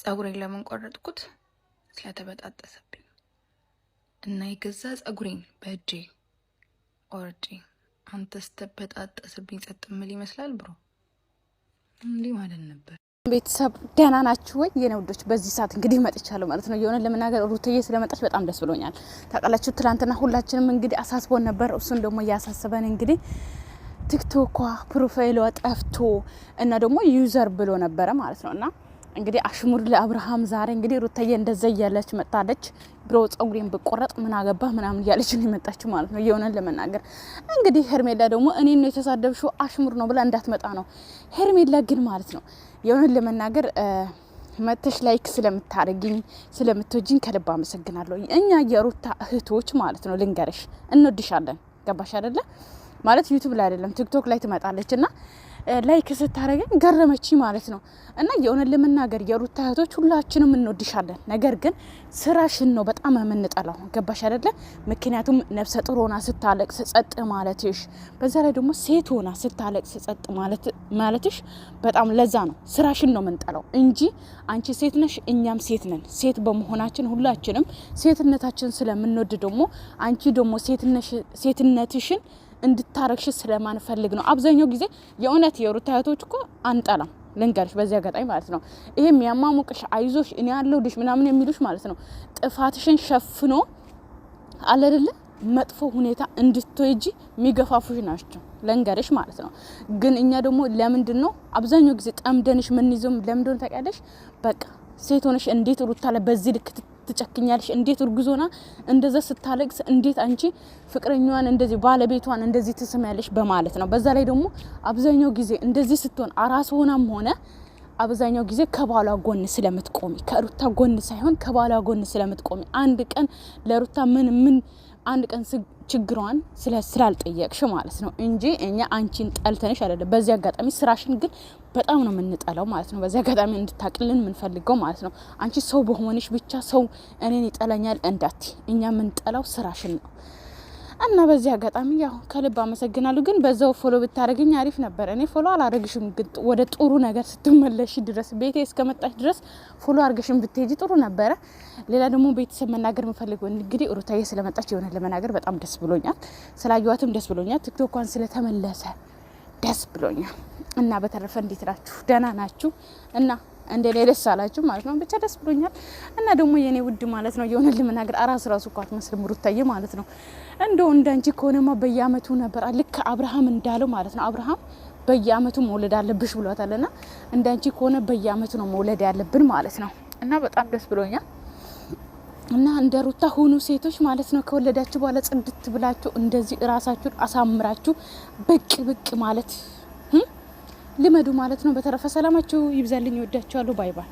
ፀጉሬን ለምን ቆረጥኩት? ስለተበጣጠሰብኝ እና የገዛ ፀጉሬን በእጄ ቆርጬ አንተ ስተበጣጠስብኝ ጸጥ ምል ይመስላል ብሮ እንዲህ ማለት ነበር። ቤተሰብ ደህና ናችሁ ወይ? የኔ ውዶች በዚህ ሰዓት እንግዲህ መጥቻለሁ ማለት ነው። የሆነ ለመናገር ሩትዬ ስለመጣች በጣም ደስ ብሎኛል። ታውቃላችሁ ትላንትና ሁላችንም እንግዲህ አሳስቦን ነበር። እሱን ደግሞ እያሳስበን እንግዲህ ቲክቶኳ ፕሮፋይሏ ጠፍቶ እና ደግሞ ዩዘር ብሎ ነበረ ማለት ነው እና እንግዲህ አሽሙር ለአብርሃም ዛሬ እንግዲህ ሩታዬ እንደዛ እያለች መጣለች። ብሮ ጸጉሬን ብቆረጥ ምን አገባ ምናምን እያለች ነው የመጣችው ማለት ነው። የሆነን ለመናገር እንግዲህ ሄርሜላ ደግሞ እኔ ነው የተሳደብሽው አሽሙር ነው ብላ እንዳትመጣ ነው። ሄርሜላ ግን ማለት ነው የሆነን ለመናገር መተሽ ላይክ ስለምታደርግኝ ስለምትወጅኝ ከልብ አመሰግናለሁ። እኛ የሩታ እህቶች ማለት ነው ልንገርሽ፣ እንወድሻለን። ገባሽ አደለ? ማለት ዩቱብ ላይ አይደለም ቲክቶክ ላይ ትመጣለች እና ላይክ ስታደረገኝ ገረመች ማለት ነው። እና የሆነ ለመናገር የሩታ እህቶች ሁላችንም እንወድሻለን። ነገር ግን ስራሽን ነው በጣም የምንጠላው። ገባሽ አደለ? ምክንያቱም ነፍሰ ጡር ሆና ስታለቅስ ጸጥ ማለትሽ፣ በዛ ላይ ደግሞ ሴት ሆና ስታለቅስ ጸጥ ማለትሽ በጣም ለዛ ነው ስራሽን ነው የምንጠላው እንጂ አንቺ ሴት ነሽ፣ እኛም ሴት ነን። ሴት በመሆናችን ሁላችንም ሴትነታችን ስለምንወድ ደግሞ አንቺ ደግሞ ሴትነትሽን እንድታረግሽ ስለማንፈልግ ነው። አብዛኛው ጊዜ የእውነት የሩታ እህቶች እኮ አንጠላም ልንገርሽ በዚህ አጋጣሚ ማለት ነው። ይሄ የሚያማሙቅሽ አይዞሽ፣ እኔ ያለሁልሽ ምናምን የሚሉሽ ማለት ነው ጥፋትሽን ሸፍኖ አለ መጥፎ ሁኔታ እንድትወጂ የሚገፋፉሽ ናቸው። ለንገርሽ ማለት ነው። ግን እኛ ደግሞ ለምንድን ነው አብዛኛው ጊዜ ጠምደንሽ ምን ይዞም ለምንድን ነው ታውቂያለሽ? በቃ ሴት ሆነሽ እንዴት ሩታ ላይ በዚህ ልክ ትጨክኛለሽ? እንዴት እርጉዞና እንደዛ ስታለቅስ እንዴት አንቺ ፍቅረኛዋን እንደዚህ ባለቤቷን እንደዚህ ትስሚያለሽ? በማለት ነው። በዛ ላይ ደግሞ አብዛኛው ጊዜ እንደዚህ ስትሆን አራስ ሆናም ሆነ አብዛኛው ጊዜ ከባሏ ጎን ስለምትቆሚ ከሩታ ጎን ሳይሆን ከባሏ ጎን ስለምትቆሚ አንድ ቀን ለሩታ ምን ምን አንድ ቀን ችግሯን ስላልጠየቅሽ ማለት ነው እንጂ እኛ አንቺን ጠልተንሽ አይደለም። በዚህ አጋጣሚ ስራሽን ግን በጣም ነው የምንጠላው ማለት ነው። በዚህ አጋጣሚ እንድታቅልን የምንፈልገው ማለት ነው። አንቺ ሰው በሆንሽ ብቻ ሰው እኔን ይጠላኛል እንዳት እኛ የምንጠላው ስራሽን ነው። እና በዚህ አጋጣሚ ያው ከልብ አመሰግናለሁ። ግን በዛው ፎሎ ብታደርግኝ አሪፍ ነበር። እኔ ፎሎ አላረግሽም፣ ግን ወደ ጥሩ ነገር ስትመለሽ ድረስ ቤቴ እስከመጣሽ ድረስ ፎሎ አርገሽም ብትሄጂ ጥሩ ነበረ። ሌላ ደግሞ ቤተሰብ መናገር የምፈልገው እንግዲህ ሩታዬ ስለመጣች የሆነ ለመናገር በጣም ደስ ብሎኛል። ስላየዋትም ደስ ብሎኛል። ቲክቶኳን ስለተመለሰ ደስ ብሎኛል። እና በተረፈ እንዴት ናችሁ? ደህና ናችሁ? እና እንደኔ ደስ አላችሁ ማለት ነው። ብቻ ደስ ብሎኛል እና ደግሞ የኔ ውድ ማለት ነው የሆነ ልምናገር አራስ ራሱ እኮ አትመስልም ሩታዬ ማለት ነው። እንደው እንዳንቺ ከሆነማ በየአመቱ ነበር ልክ አብርሃም እንዳለው ማለት ነው። አብርሃም በየአመቱ መውለድ አለብሽ ብሏታልና እንዳንቺ ከሆነ በየአመቱ ነው መውለድ ያለብን ማለት ነው። እና በጣም ደስ ብሎኛል እና እንደ ሩታ ሁኑ ሴቶች ማለት ነው። ከወለዳችሁ በኋላ ጽድት ብላችሁ እንደዚህ ራሳችሁን አሳምራችሁ ብቅ ብቅ ማለት ልመዱ ማለት ነው። በተረፈ ሰላማችሁ ይብዛልኝ። ወዳችኋለሁ። ባይ ባይ